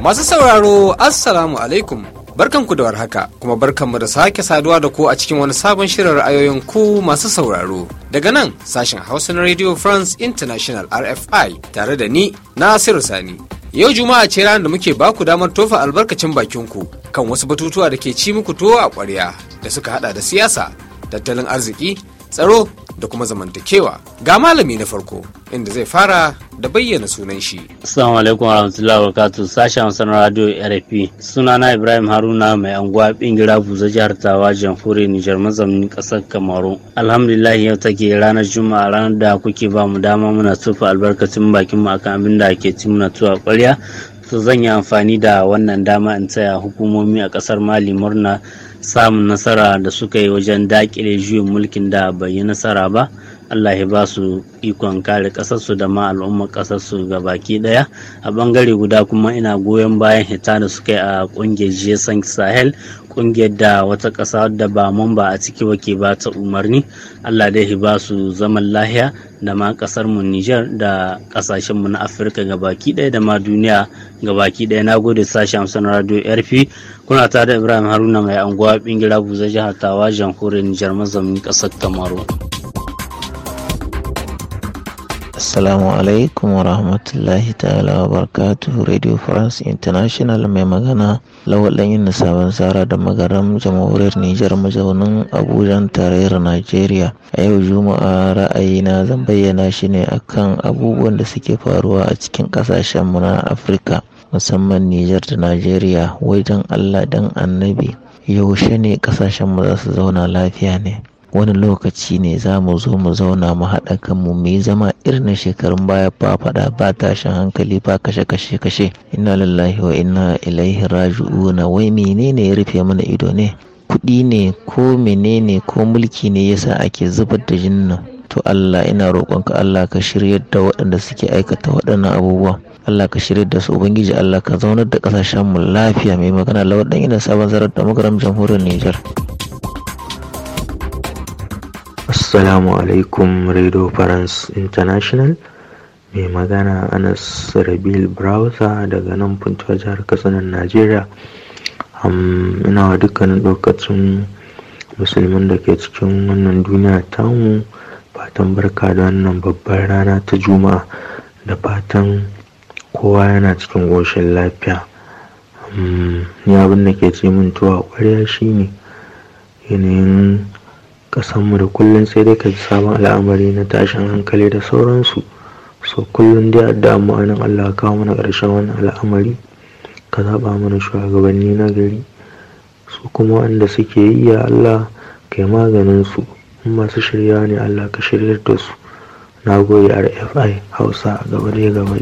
Masu sauraro, Assalamu alaikum. Barkanku da warhaka kuma barkanmu da sake saduwa da ku a cikin wani sabon shirin ra'ayoyin ku masu sauraro. Daga nan sashen Hausa na Radio France International RFI tare da ni Nasiru Sani. Yau Juma'a ce ranar da muke baku damar tofa albarkacin bakinku kan wasu batutuwa da ke ci muku tuwo a ƙwarya da suka hada da siyasa, tattalin arziki, tsaro, da kuma zamantakewa ga malami na farko inda zai fara da bayyana sunan shi. Assalamu alaikum wa wabarakatuh sashen Hausa na radio RFP sunana Ibrahim Haruna mai anguwa bingira buza jihar Tawa jamhuriyar Nijar mazamin kasar Kamaru. Alhamdulillah yau take ranar Juma'a ranar da kuke ba mu dama muna tufa albarkacin bakin mu akan abin da ake ci muna tuwa kwarya. To zan yi amfani da wannan dama in taya hukumomi a kasar Mali murna samun nasara da suka yi wajen dakile juyin mulkin da bai yi nasara ba Allah ya ba su ikon kare ƙasarsu da ma al'ummar ƙasarsu ga baki ɗaya a ɓangare guda kuma ina goyon bayan hita da suka yi a ƙungiyar jesan sahel ƙungiyar da wata ƙasa da ba mamba a ciki wake ba ta umarni Allah dai ya ba su zaman lahiya da ma ƙasar mu Nijar da ƙasashen mu na Afirka ga baki ɗaya da ma duniya ga baki ɗaya na gode sashen Hamsin Radio RP kuna tare da Ibrahim Haruna mai anguwa bingira buza jihar Tawa jamhuriyar Nijar mazamin ƙasar Kamaru. Assalamu alaikum wa rahmatullahi ta'ala wa barakatuhu Radio France International mai magana lawalan yin sabon tsara da magaram jamhuriyar Nijar mazaunin abujan tarayyar Najeriya. A yau Juma'a ra'ayina zan bayyana shi ne kan abubuwan da suke faruwa a cikin mu na Afirka musamman Nijar da Najeriya wajen Allah dan annabi yaushe ne mu za su zauna lafiya ne. wani lokaci ne za mu zo mu zauna mu haɗa kanmu mu yi zama irin na shekarun baya ba faɗa ba tashin hankali ba kashe kashe kashe inna lillahi wa inna ilaihi na wai menene ya rufe mana ido ne kuɗi ne ko menene ko mulki ne yasa ake zubar da jinin nan to Allah ina roƙonka Allah ka shirya da waɗanda suke aikata waɗannan abubuwa Allah ka shirya da su ubangiji Allah ka zaunar da ƙasashen mu lafiya mai magana ɗan ina sabon zarar da jamhuriyar Nijar. Assalamu alaikum Radio France International mai magana Anas Rabil Browser daga nan Punta jihar Katsina Najeriya. ina wa dukkanin lokacin musulmin da ke cikin wannan duniya tamu fatan barka da wannan babbar rana ta juma'a da fatan kowa yana cikin goshin lafiya. ni abin da ke ce min tuwa shi shine yanayin ƙasanmu da kullum sai dai ka ji sabon al'amari na tashin hankali da sauransu so kullum dai da ma'anin Allah ka kawo mana ƙarshen wannan al'amari ka zaɓa mana shugabanni na gari su kuma wanda suke yi ya Allah kai maganin su in masu shirya ne Allah ka shiryar da su na goyi RFI Hausa gaba dai gaba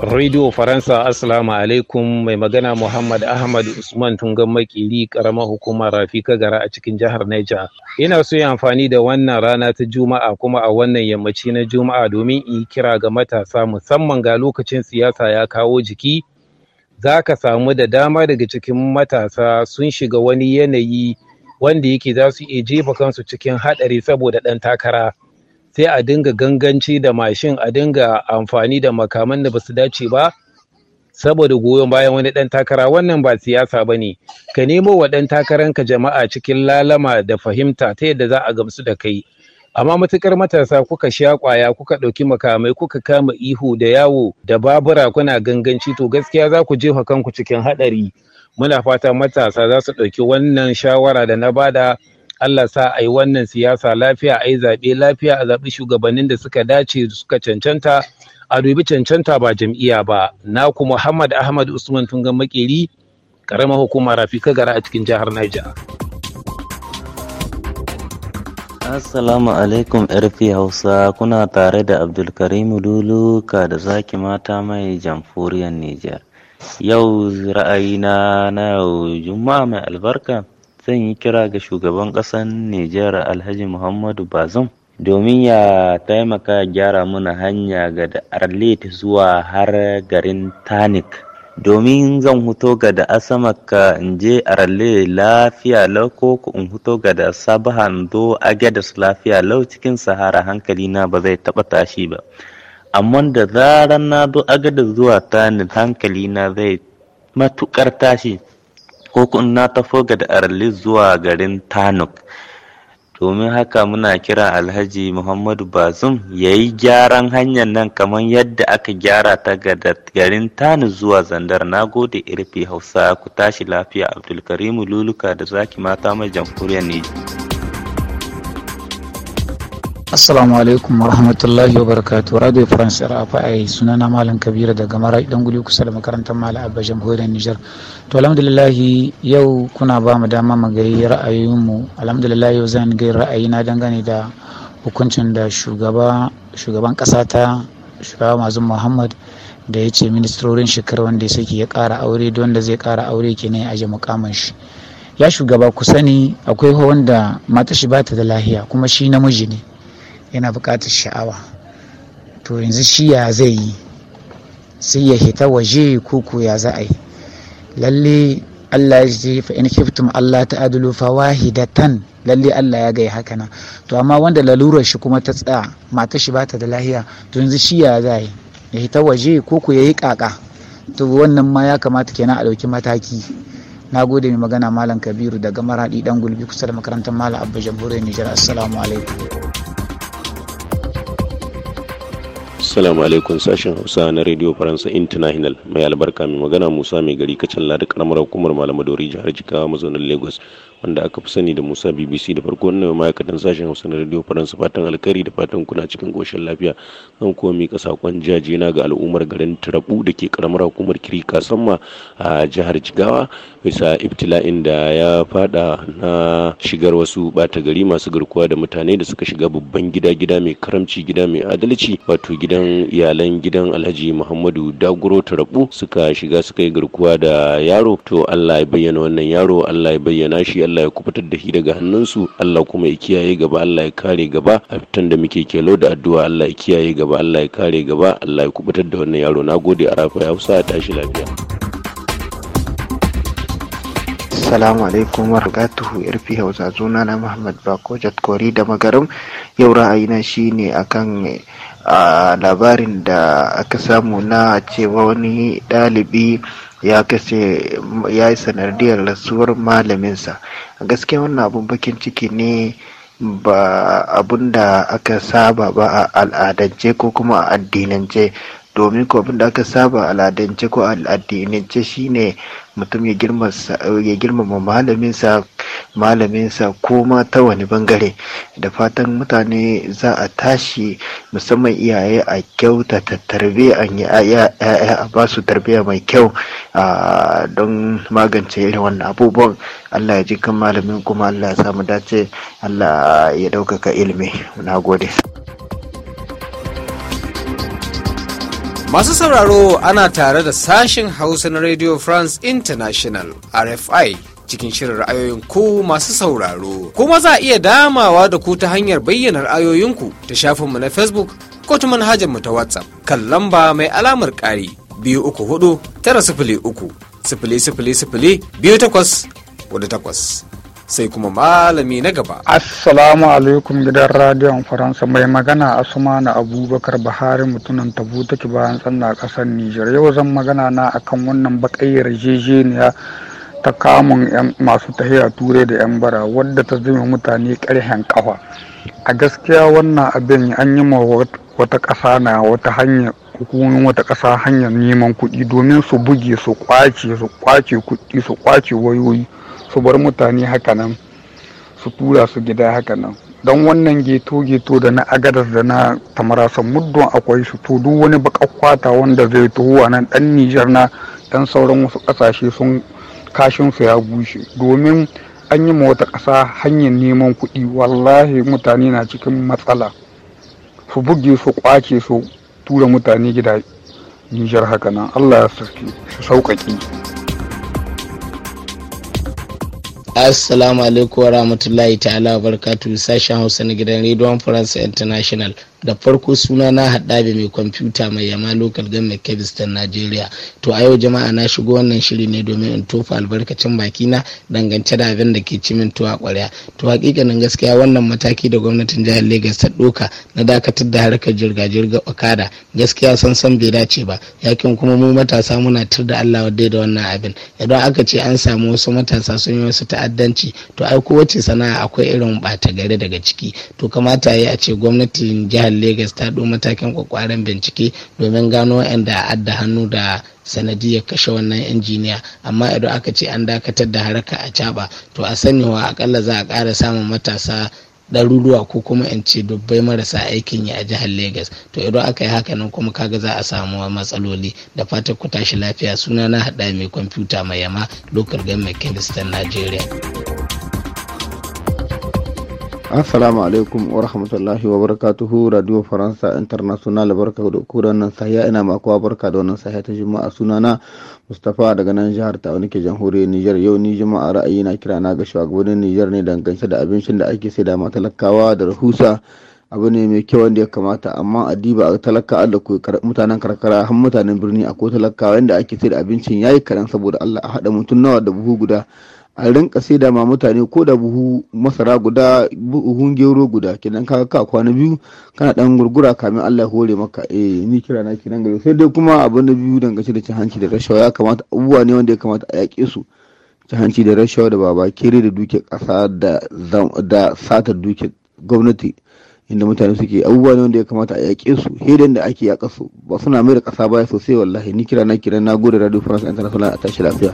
Radio Faransa Assalamu alaikum mai magana Muhammad Ahmad Usman Tungan Makili karamar hukumar Rafika Gara a cikin jihar Niger. Ina so yi amfani da wannan rana ta Juma'a kuma a wannan yammaci na Juma'a domin in kira ga matasa musamman ga lokacin siyasa ya kawo jiki. Za ka samu da dama daga cikin matasa sun shiga wani yanayi wanda yake za su iya jefa kansu cikin haɗari saboda ɗan takara. sai a dinga ganganci da mashin a dinga amfani da makaman da basu dace ba saboda goyon bayan wani ɗan takara wannan ba siyasa ba ne ka nemo wa ɗan ka jama'a cikin lalama da fahimta ta yadda za a gamsu da kai amma matukar matasa kuka sha kwaya kuka ɗauki makamai kuka kama ihu da yawo da babura kuna ganganci to gaskiya za ku jefa kanku cikin haɗari muna fata matasa za su ɗauki wannan shawara da na bada Allah sa a yi wannan siyasa lafiya a yi zaɓe lafiya a zaɓi shugabannin da suka dace suka cancanta a dubi cancanta ba jam'iyya ba Na ku Muhammad Ahmad Usman Tungan Makeri karamar hukumar Rafika Gara a cikin jihar Niger. Assalamu alaikum RP Hausa kuna tare da Abdulkarim Lulu ka da zaki mata mai jamhuriyar Nijar. Yau ra'ayina na yau Juma'a mai albarka zan yi kira ga shugaban ƙasar Nijar Alhaji Muhammadu Bazum domin ya taimaka gyara mana hanya ga da zuwa har garin Tanik. Domin zan huto ga da Asamaka in je Arle lafiya lau ko in huto ga da sabahan do Agadas lafiya lau cikin Sahara hankali na ba zai taɓa tashi ba. Amma da zarar na do Agadas zuwa ta hankali na zai matuƙar tashi. ko na tafo ga arli zuwa garin tanuk domin haka muna kira alhaji muhammadu bazum ya yi gyaran hanyar nan kamar yadda aka gyara ta ga garin tanu zuwa zandar na gode irfi hausa ku tashi lafiya abdulkarimu luluka da zaki mata mai jamhuriyar nijar Assalamu alaikum wa rahmatullahi wa barakatu Radio France RFI sunana Malam Kabiru daga mara dan guri kusa da makarantar Malam abajan Jamhuriyar Nijar. To alhamdulillah yau kuna ba mu dama mu gayi ra'ayoyinmu. Alhamdulillah yau zan gai ra'ayi na dangane da hukuncin da shugaba shugaban kasa ta shugaba Muhammad da ya ce ministrorin shekarar wanda ya saki ya kara aure don da zai kara aure kenan ya aje mukamin shi. Ya shugaba ku sani akwai wanda mata shi bata da lahiya kuma shi namiji ne. yana buƙatar sha'awa to yanzu shi ya zai yi sai ya hita waje kuku ya za a yi lalle Allah ya ce fa in kiftum Allah ta'adulu fa wahidatan lalle Allah ya gaya haka nan to amma wanda lalurar shi kuma ta tsaya matar shi bata da lahiya to yanzu shi ya za yi ya hita waje kuku ya yi kaka to wannan ma ya kamata kenan a ɗauki mataki na gode mai magana malam kabiru daga maradi dan gulbi kusa da makarantar malam abba jamhuriyar nijar assalamu alaikum Assalamu alaikum sashen Hausa na Radio Faransa International mai albarka mai magana Musa mai gari kacin ladi karamar hukumar malamadori jihar Jikawa mazaunin Lagos. wanda aka fi sani da Musa BBC da farko wannan ma'aikatan sashen Hausa na Radio Faransa fatan alkari da fatan kuna cikin koshin lafiya zan kuma mika sakon jajena ga al'ummar garin Tarabu da ke karamar hukumar Kiri Kasamma a jihar Jigawa bisa ibtila'in da ya fada na shigar wasu bata gari masu garkuwa da mutane da suka shiga babban gida gida mai karamci gida mai adalci wato gidan iyalan gidan Alhaji Muhammadu Daguro Tarabu suka shiga suka yi garkuwa da yaro to Allah ya bayyana wannan yaro Allah ya bayyana shi Allah ya kubutar da shi daga hannunsu Allah kuma ya kiyaye gaba Allah ya kare gaba a fitan da muke kelo da addu'a Allah ya kiyaye gaba Allah ya kare gaba Allah ya kubutar da wannan yaro nagode a rafa ya a tashi lafiya Assalamu alaikum tuhu irfi hausa zuna na Muhammad Bako Jatkori da Magaram yau ra'ayina shine akan ah, labarin da aka samu na cewa wani dalibi. ya kashe ya yi sanadiyar rasuwar malaminsa gaskiya wannan abun bakin ciki ne ba abun da aka saba ba a al'adance ko kuma a addinance domin ko abin da aka saba al'adance ko al'addinance ne mutum ya girmama malaminsa malaminsa ko ma ta wani bangare da fatan mutane za a tashi musamman iyaye a kyautata tarbiyyan ya'ya a ba su tarbiyya mai kyau a don magance irin wannan abubuwan allah ya ji kan malamin kuma allah ya samu dace allah ya ɗaukaka ilimi na gode Masu sauraro ana tare da sashen Hausa na Radio France International RFI cikin shirin ra'ayoyin ku masu sauraro. Kuma za a iya damawa da ku ta hanyar bayyana ra'ayoyinku ta shafinmu na Facebook ko ta manhajarmu ta WhatsApp kan lamba mai alamar ƙari biyu uku hudu tara sifili uku sifili sifili sifili biyu takwas wadda takwas. sai kuma malami na gaba. Assalamu alaikum gidan radiyon Faransa mai magana Asmanu Abubakar buhari mutunan tabu take bayan tsanna kasar Nijar. Yau zan magana na akan wannan bakayyar jejeniya ta kamun masu tahiya turai da yan bara wadda ta zama mutane karhen kafa. A gaskiya wannan abin an yi ma wata kasa na wata hanya hukumomin wata kasa hanyar neman kuɗi domin su buge su kwace su kwace kuɗi su kwace wayoyi su bar mutane hakanan su tura su gida hakanan don wannan geto-geto da na agadar da na tamarasa muddon akwai su to duk wani baka-kwata wanda zai tuhuwa nan dan nijar na dan sauran wasu kasashe sun kashin su ya bushe domin an yi wata ƙasa hanyar neman kuɗi wallahi mutane na cikin matsala su buge su kwace su tura mutane gida nijar hakanan allah ya su sauƙaƙe. assalamu alaikum wa rahmatullahi ta'ala wa barakatuhu sashen hausa na gidan rediyon france international da farko suna na haɗabe mai kwamfuta mai yama local government kebistan najeriya to a yau jama'a na shigo wannan shiri ne domin in tofa albarkacin baki na dangance da abin da ke cimin tuwa kwarya to hakikanin gaskiya wannan mataki da gwamnatin jihar Legas ta ɗoka na dakatar da harkar jirga-jirga okada gaskiya san san bai dace ba yakin kuma mu matasa muna tur da allah wadda da wannan abin idan aka ce an samu wasu matasa sun yi wasu ta'addanci to ai kowace sana'a akwai irin ɓata gari daga ciki to kamata ya yi a ce gwamnatin jihar jihar Legas ta ɗo matakin kwakwaren bincike domin gano a adda hannu da sanadiyar kashe wannan injiniya amma idan aka ce an dakatar da haraka a caba to a sanyawa akalla za a kara samun matasa ɗaruruwa ko kuma in ce dubbai marasa aikin yi a jihar Legas to idan aka yi haka nan kuma kaga za a samu matsaloli da fatan ku tashi lafiya suna na haɗa mai kwamfuta mai yama lokal gan mai Najeriya. Assalamu alaikum wa rahmatullahi wa barakatuhu Radio Faransa International barka da da nan sahiya ina makuwa barka da wannan sahiya ta Juma'a sunana Mustapha daga nan jihar Tawa nake jamhuriyar Nijar yau ni Juma'a ra'ayi na kira na ga shugabannin Nijar ne dangance da abincin da ake da ma talakawa da rahusa abu ne mai kyau wanda ya kamata amma a diba a talakawa da mutanen karkara har mutanen birni akwai talakawa yanda ake da abincin yayi karan saboda Allah a haɗa mutum nawa da buhu guda a rinka sai da ma mutane ko da buhu masara guda buhun gero guda kenan ka ka kwana biyu kana dan gurgura kamin Allah ya hore maka eh ni kira na kiran gari sai dai kuma abu na biyu dangace da cin hanci da rashawa ya kamata abubuwa ne wanda ya kamata a yaƙe su cin hanci da rashawa da baba kere da duke ƙasa da da sata duke gwamnati inda mutane suke abubuwa ne wanda ya kamata a yaƙe su hedan da ake yaƙa su ba suna mai da ƙasa baya sosai wallahi ni kira na kiran na gode radio france international a tashi lafiya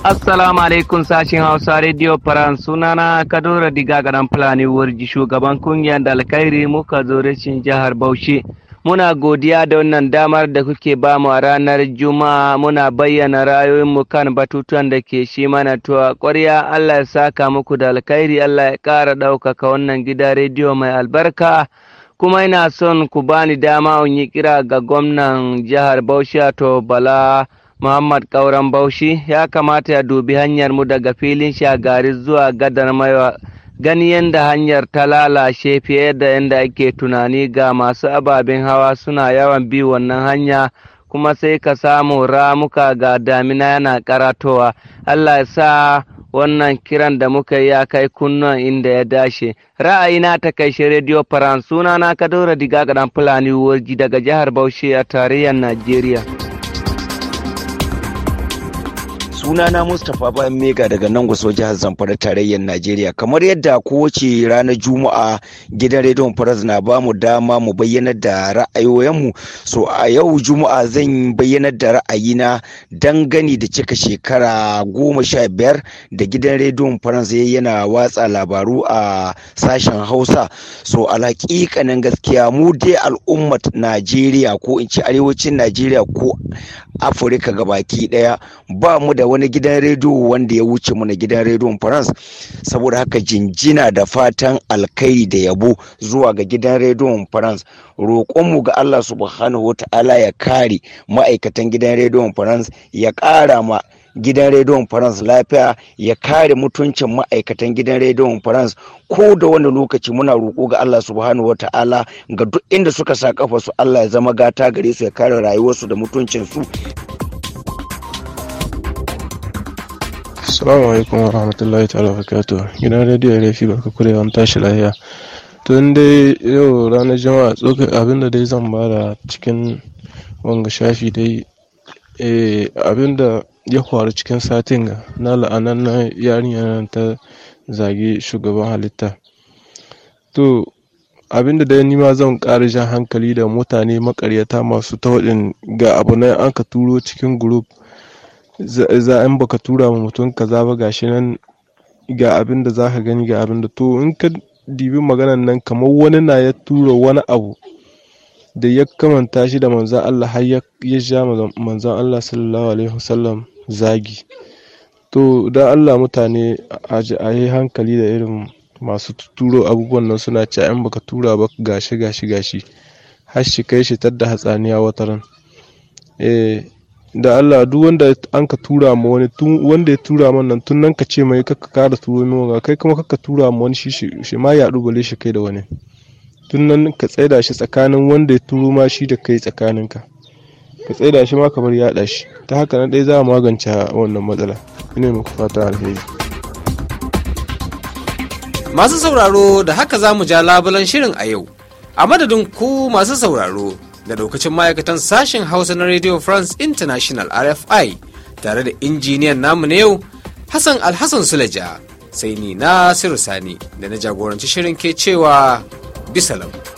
Assalamu alaikum sashin Hausa Radio Faran sunana Kadura Diga garan Fulani Warji shugaban kungiyar alkhairi muka zo rashin jihar Bauchi. Muna godiya da wannan damar da kuke ba mu a ranar Juma'a muna bayyana rayoyinmu kan batutuwan da ke shi mana tuwa ƙwarya Allah ya saka muku da alkhairi Allah ya ƙara ɗaukaka wannan gida rediyo mai albarka. kuma ina son ku bani dama in yi kira ga gwamnan jihar Bauchi to Bala Muhammad Kauran baushi ya kamata ya dubi hanyar mu daga filin shagari zuwa gadar maiwa gani yadda hanyar ta lalace fiye da yadda ake tunani ga masu ababen hawa suna yawan bi wannan hanya kuma sai ka samu ramuka ga damina yana karatowa Allah ya sa wannan kiran da muka yi ya kai kunnan inda ya dashe ra'ayina ta kai shi radio Faransuna. na kadora diga gadan fulani warji daga jihar bauchi a tarayyar najeriya sunana mustapha bayan mega daga nan gwaso jihar zamfara tarayyar najeriya kamar yadda kowace ranar juma'a gidan rediyon faras na ba mu dama mu bayyana da ra'ayoyinmu so a yau juma'a zan bayyana da ra'ayina dangane da cika shekara goma sha biyar da gidan rediyon faransa yana watsa labaru a sashen hausa so alhakikanin gaskiya mu dai al'ummar najeriya ko in ci arewacin najeriya ko afirka gabaki daya ba mu da wani gidan rediyo wanda ya wuce mana na gidan rediyon France saboda haka jinjina da fatan alkai da yabo zuwa ga gidan rediyon France roƙonmu ga Allah subhanahu wa ta'ala ya kare ma'aikatan gidan rediyon France ya ƙara ma gidan rediyon france lafiya ya kare mutuncin ma'aikatan gidan rediyon france ko da wani lokaci muna roƙo ga allah subhanahu wa ta'ala ga duk inda suka sa kafa su allah ya zama gata gare su ya kare rayuwarsu da mutuncinsu Assalamu alaikum wa rahmatullahi ta'ala gina Gidan rediyo Rafi baka kure an tashi lahiya. Tun dai yau ranar jama'a tsoka abinda dai zan bada cikin wanga shafi dai eh, abinda ya faru cikin satin ga na la'anan na yarinyar ta zagi shugaban halitta. To abinda dai ni zan ƙara jan hankali da mutane makaryata masu tawadin ga abu na an ka turo cikin group za in baka tura ma mutum kaza ba gashi nan ga abin da zaka gani ga abin da to in ka dibi maganan nan kamar wani na ya tura wani abu da ya kamanta shi da manzan Allah har ya ja manzan Allah sallallahu alaihi wasallam zagi to da Allah mutane a yi hankali da irin masu turo abubuwan nan suna ci in baka tura ba gashi gashi gashi har shi kai shi tadda hatsaniya wataran eh da Allah duk wanda an ka tura ma wani tun wanda ya tura man nan tun nan ka ce mai kakka kara turo min wanga kai kuma kakka tura ma wani shi shi ma ya bale shi kai da wani tun nan ka tsaida shi tsakanin wanda ya turo ma shi da kai tsakanin ka ka tsaida shi ma ka bar yaɗa shi ta haka nan dai za a magance wannan matsala ina muku fata alheri masu sauraro da haka za mu ja labulan shirin a yau a madadin ku masu sauraro da lokacin ma'aikatan sashen hausa na radio france international rfi tare da injiniyan namu na yau hassan alhassan sulaja sai ni na sani da na jagoranci shirin ke cewa bisalam.